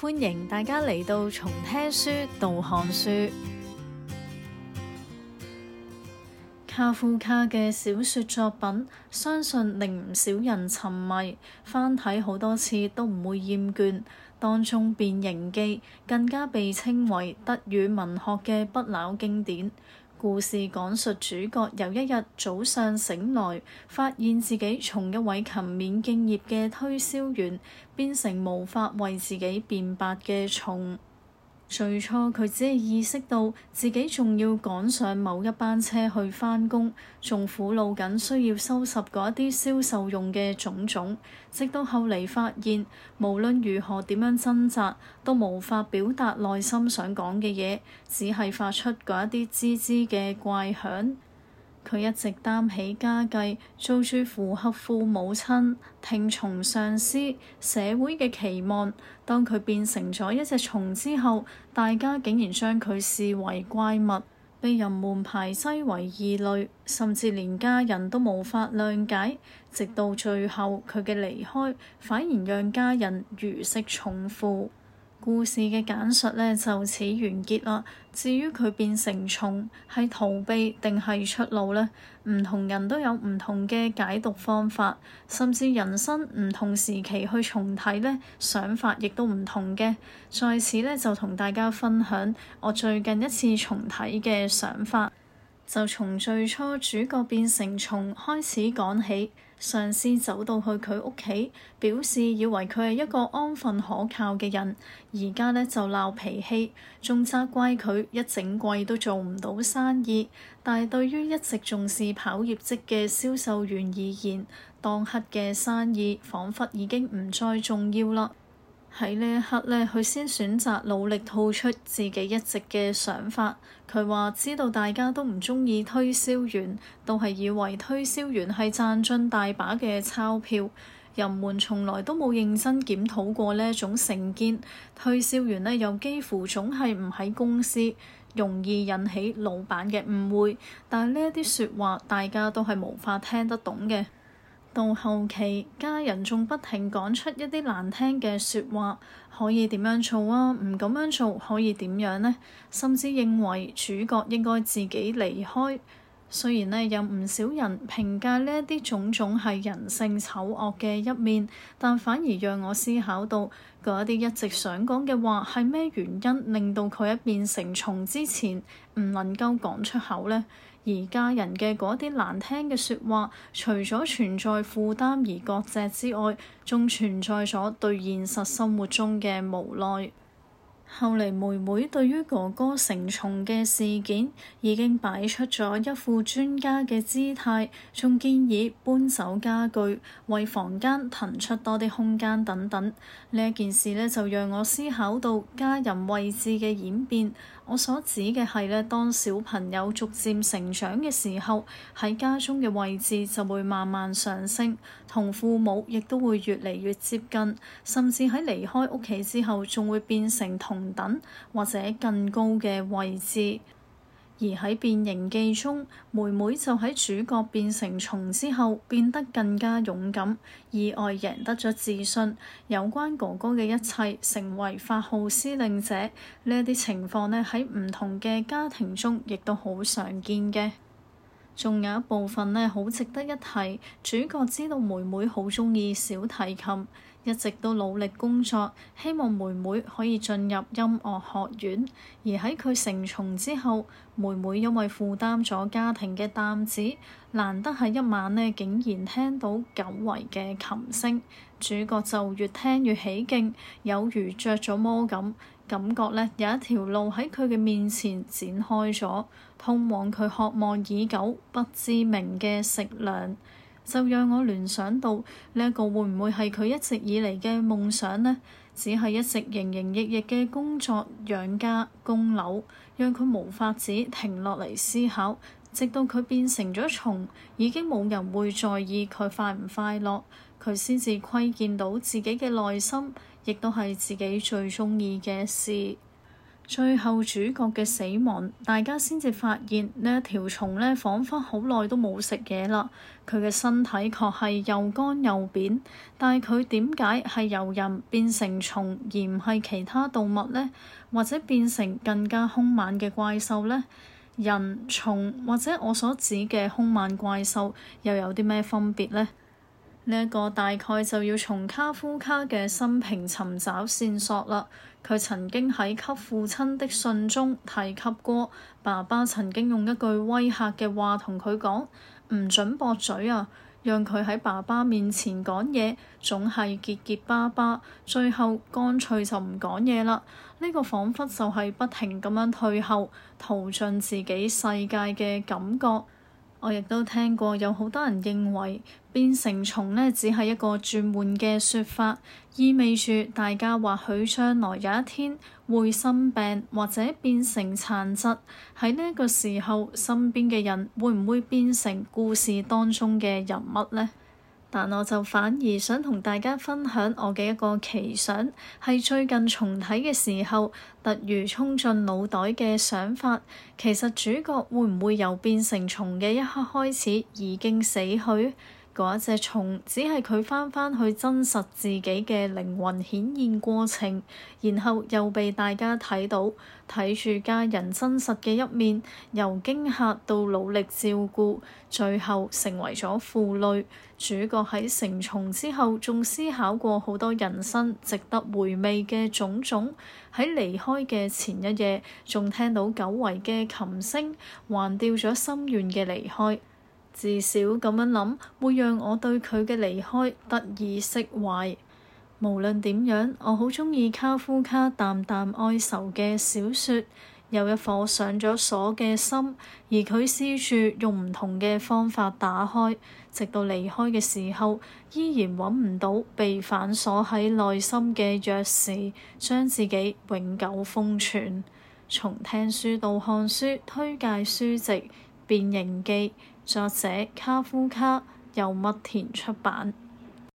歡迎大家嚟到從聽書到看書。卡夫卡嘅小說作品，相信令唔少人沉迷，翻睇好多次都唔會厭倦。當中《變形記》更加被稱為德語文學嘅不朽經典。故事講述主角由一日早上醒來發現自己從一位勤勉敬業嘅推銷員變成無法為自己辯白嘅蟲。最初佢只係意識到自己仲要趕上某一班車去翻工，仲苦惱緊需要收拾嗰一啲銷售用嘅種種，直到後嚟發現無論如何點樣掙扎，都無法表達內心想講嘅嘢，只係發出嗰一啲吱吱嘅怪響。佢一直擔起家計，做住符合父母親、聽從上司、社會嘅期望。當佢變成咗一隻蟲之後，大家竟然將佢視為怪物，被人們排擠為異類，甚至連家人都無法諒解。直到最後，佢嘅離開，反而讓家人如釋重負。故事嘅簡述呢，就此完結啦。至於佢變成蟲，係逃避定係出路呢？唔同人都有唔同嘅解讀方法，甚至人生唔同時期去重睇呢，想法亦都唔同嘅。在此呢，就同大家分享我最近一次重睇嘅想法。就從最初主角變成蟲開始講起，上司走到去佢屋企，表示以為佢係一個安分可靠嘅人，而家呢，就鬧脾氣，仲責怪佢一整季都做唔到生意。但係對於一直重視跑業績嘅銷售員而言，當刻嘅生意彷彿彿已經唔再重要啦。喺呢一刻咧，佢先選擇努力吐出自己一直嘅想法。佢話：知道大家都唔鍾意推銷員，都係以為推銷員係賺進大把嘅鈔票。人們從來都冇認真檢討過呢一種成見。推銷員呢又幾乎總係唔喺公司，容易引起老闆嘅誤會。但係呢一啲説話，大家都係無法聽得懂嘅。到後期，家人仲不停講出一啲難聽嘅說話，可以點樣做啊？唔咁樣做可以點樣呢，甚至認為主角應該自己離開，雖然呢有唔少人評價呢啲種種係人性醜惡嘅一面，但反而讓我思考到嗰啲一直想講嘅話，係咩原因令到佢一變成蟲之前唔能夠講出口呢？而家人嘅嗰啲難聽嘅說話，除咗存在負擔而割席之外，仲存在咗對現實生活中嘅無奈。後嚟妹妹對於哥哥成蟲嘅事件，已經擺出咗一副專家嘅姿態，仲建議搬走家具，為房間騰出多啲空間等等。呢一件事呢，就讓我思考到家人位置嘅演變。我所指嘅係咧，當小朋友逐漸成長嘅時候，喺家中嘅位置就會慢慢上升，同父母亦都會越嚟越接近，甚至喺離開屋企之後，仲會變成同等或者更高嘅位置。而喺《變形記》中，妹妹就喺主角變成蟲之後變得更加勇敢，意外贏得咗自信。有關哥哥嘅一切，成為發號司令者呢啲情況呢，喺唔同嘅家庭中亦都好常見嘅。仲有一部分呢，好值得一提。主角知道妹妹好鍾意小提琴。一直都努力工作，希望妹妹可以進入音樂學院。而喺佢成蟲之後，妹妹因為負擔咗家庭嘅擔子，難得喺一晚咧，竟然聽到久違嘅琴聲，主角就越聽越起勁，有如着咗魔咁，感覺咧有一條路喺佢嘅面前展開咗，通往佢渴望已久不知名嘅食糧。就讓我聯想到呢一個會唔會係佢一直以嚟嘅夢想呢？只係一直營營役役嘅工作養家供樓，讓佢無法止停落嚟思考，直到佢變成咗蟲，已經冇人會在意佢快唔快樂，佢先至窺見到自己嘅內心，亦都係自己最中意嘅事。最後主角嘅死亡，大家先至發現呢一條蟲咧，彷彿好耐都冇食嘢啦。佢嘅身體確係又乾又扁，但係佢點解係由人變成蟲而唔係其他動物咧？或者變成更加兇猛嘅怪獸咧？人、蟲或者我所指嘅兇猛怪獸又有啲咩分別咧？呢一個大概就要從卡夫卡嘅生平尋找線索啦。佢曾經喺給父親的信中提及過，爸爸曾經用一句威嚇嘅話同佢講：唔准駁嘴啊！讓佢喺爸爸面前講嘢，總係結結巴巴，最後乾脆就唔講嘢啦。呢個彷彿就係不停咁樣退後，逃進自己世界嘅感覺。我亦都聽過，有好多人認為變成蟲呢，只係一個轉換嘅說法，意味住大家或許將來有一天會生病或者變成殘疾。喺呢個時候，身邊嘅人會唔會變成故事當中嘅人物呢？但我就反而想同大家分享我嘅一個奇想，係最近重睇嘅時候，突如衝進腦袋嘅想法。其實主角會唔會由變成蟲嘅一刻開始已經死去？嗰一隻蟲，只係佢翻返去真實自己嘅靈魂顯現過程，然後又被大家睇到，睇住家人真實嘅一面，由驚嚇到努力照顧，最後成為咗負累。主角喺成蟲之後，仲思考過好多人生值得回味嘅種種。喺離開嘅前一夜，仲聽到久違嘅琴聲，還掉咗心願嘅離開。至少咁樣諗，會讓我對佢嘅離開得以釋懷。無論點樣，我好鍾意卡夫卡淡淡哀愁嘅小説，有一顆上咗鎖嘅心，而佢試住用唔同嘅方法打開，直到離開嘅時候，依然揾唔到被反鎖喺內心嘅鑰匙，將自己永久封存。從聽書到看書，推介書籍《變形記》。作者卡夫卡，由麥田出版。